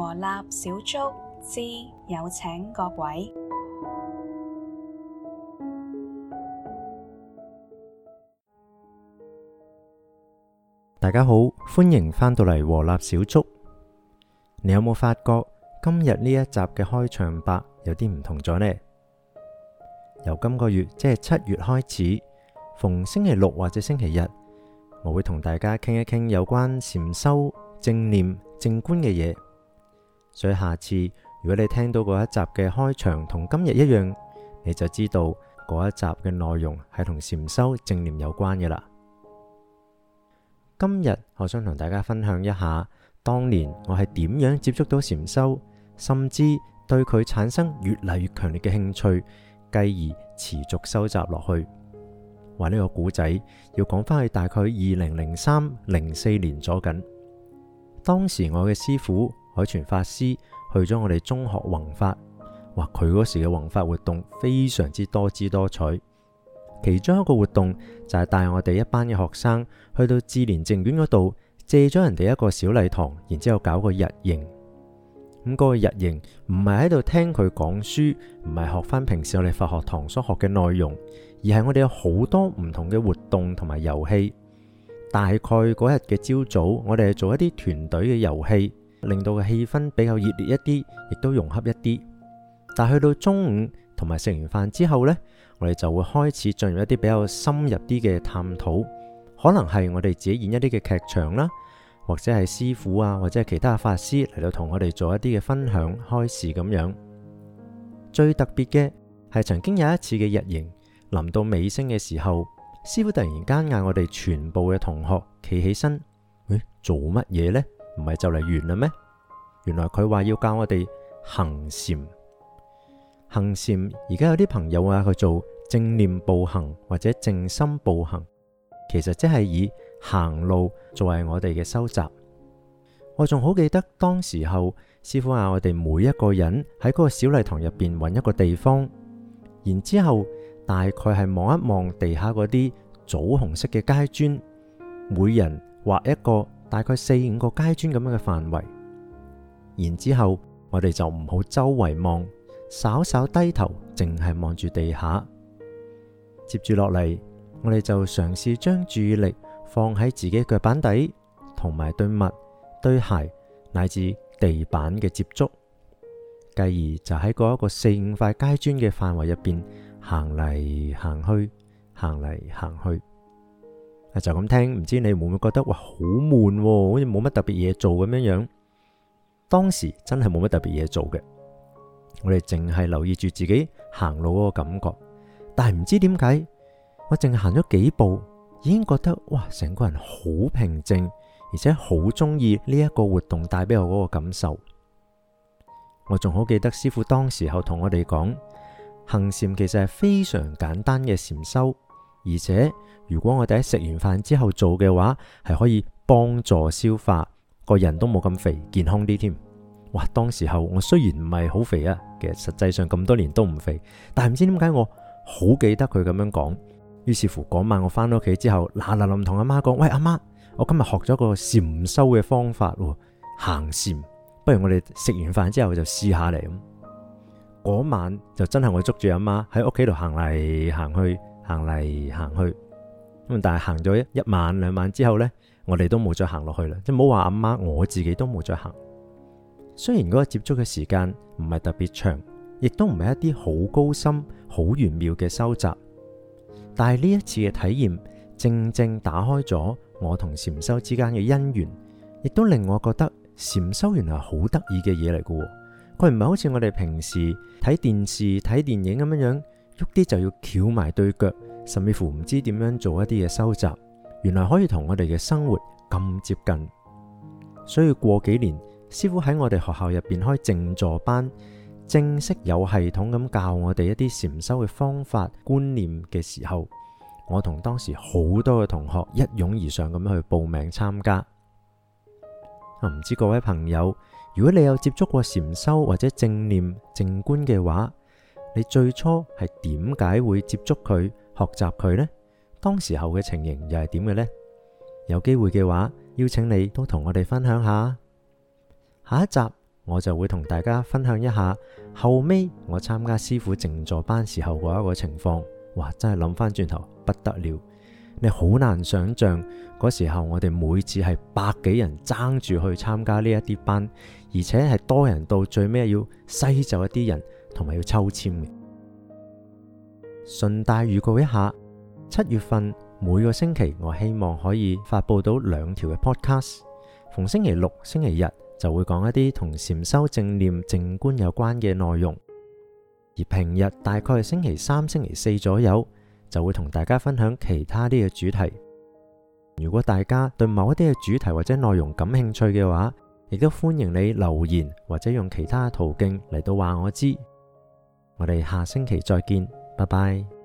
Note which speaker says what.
Speaker 1: 和立小築，之有請覺位，大家好，歡迎返到嚟和立小築。你有冇發覺今日呢一集嘅開場白有啲唔同咗呢？由今個月即係七月開始，逢星期六或者星期日，我會同大家傾一傾有關禪修、正念、靜觀嘅嘢。所以下次如果你聽到嗰一集嘅開場同今日一樣，你就知道嗰一集嘅內容係同禪修正念有關嘅啦。今日我想同大家分享一下當年我係點樣接觸到禪修，甚至對佢產生越嚟越強烈嘅興趣，繼而持續收集落去。話呢個故仔要講翻去大概二零零三零四年左近，當時我嘅師傅。海泉法師去咗我哋中學弘法，哇！佢嗰時嘅弘法活動非常之多姿多彩。其中一個活動就係帶我哋一班嘅學生去到志蓮淨苑嗰度，借咗人哋一個小禮堂，然之後搞個日營。咁、那、嗰個日營唔係喺度聽佢講書，唔係學返平時我哋法學堂所學嘅內容，而係我哋有好多唔同嘅活動同埋遊戲。大概嗰日嘅朝早，我哋係做一啲團隊嘅遊戲。令到嘅氣氛比較熱烈一啲，亦都融洽一啲。但去到中午同埋食完飯之後呢，我哋就會開始進入一啲比較深入啲嘅探討，可能係我哋自己演一啲嘅劇場啦，或者係師傅啊，或者係其他嘅法師嚟到同我哋做一啲嘅分享開示，咁樣。最特別嘅係曾經有一次嘅日營，臨到尾聲嘅時候，師傅突然間嗌我哋全部嘅同學企起身，誒，做乜嘢呢？」唔係就嚟完啦咩？原來佢話要教我哋行禪，行禪。而家有啲朋友話佢做正念步行或者靜心步行，其實即係以行路作為我哋嘅修習。我仲好記得當時候，師傅嗌我哋每一個人喺嗰個小禮堂入邊揾一個地方，然之後大概係望一望地下嗰啲棗紅色嘅街磚，每人畫一個。大概四五個階磚咁樣嘅範圍，然之後我哋就唔好周圍望，稍稍低頭，淨係望住地下。接住落嚟，我哋就嘗試將注意力放喺自己腳板底，同埋對襪、對鞋乃至地板嘅接觸。繼而就喺嗰一個四五塊階磚嘅範圍入邊行嚟行去，行嚟行去。就咁聽，唔知你會唔會覺得哇，好悶喎，好似冇乜特別嘢做咁樣樣。當時真係冇乜特別嘢做嘅，我哋淨係留意住自己行路嗰個感覺。但係唔知點解，我淨係行咗幾步，已經覺得哇，成個人好平靜，而且好中意呢一個活動帶俾我嗰個感受。我仲好記得師父當時候同我哋講，行禪其實係非常簡單嘅禪修。而且如果我哋喺食完飯之後做嘅話，係可以幫助消化，個人都冇咁肥，健康啲添。哇！當時候我雖然唔係好肥啊，其實實際上咁多年都唔肥，但係唔知點解我好記得佢咁樣講。於是乎嗰晚我翻到屋企之後，嗱嗱臨同阿媽講，喂，阿媽，媽，我今日學咗個禪修嘅方法喎，行禪，不如我哋食完飯之後就試下嚟。咁嗰晚就真係我捉住阿媽喺屋企度行嚟行去。行嚟行去咁，但係行咗一,一晚兩晚之後呢，我哋都冇再行落去啦。即係唔好話阿媽，我自己都冇再行。雖然嗰個接觸嘅時間唔係特別長，亦都唔係一啲好高深、好玄妙嘅收集，但係呢一次嘅體驗，正正打開咗我同禪修之間嘅因緣，亦都令我覺得禪修原來好得意嘅嘢嚟噶。佢唔係好似我哋平時睇電視、睇電影咁樣樣。喐啲就要翹埋對腳，甚至乎唔知點樣做一啲嘢收集。原來可以同我哋嘅生活咁接近。所以過幾年，師傅喺我哋學校入邊開靜坐班，正式有系統咁教我哋一啲禪修嘅方法、觀念嘅時候，我同當時好多嘅同學一擁而上咁去報名參加。唔知各位朋友，如果你有接觸過禪修或者正念、靜觀嘅話，你最初係點解會接觸佢、學習佢呢？當時候嘅情形又係點嘅呢？有機會嘅話，邀請你都同我哋分享下。下一集我就會同大家分享一下後尾我參加師父靜坐班時候嘅一個情況。哇，真係諗翻轉頭不得了，你好難想象嗰時候我哋每次係百幾人爭住去參加呢一啲班，而且係多人到最尾要篩走一啲人。同埋要抽籤嘅。順帶預告一下，七月份每個星期，我希望可以發佈到兩條嘅 podcast。逢星期六、星期日就會講一啲同禪修、正念、靜觀有關嘅內容，而平日大概係星期三、星期四左右就會同大家分享其他啲嘅主題。如果大家對某一啲嘅主題或者內容感興趣嘅話，亦都歡迎你留言或者用其他途徑嚟到話我知。我哋下星期再見，拜拜。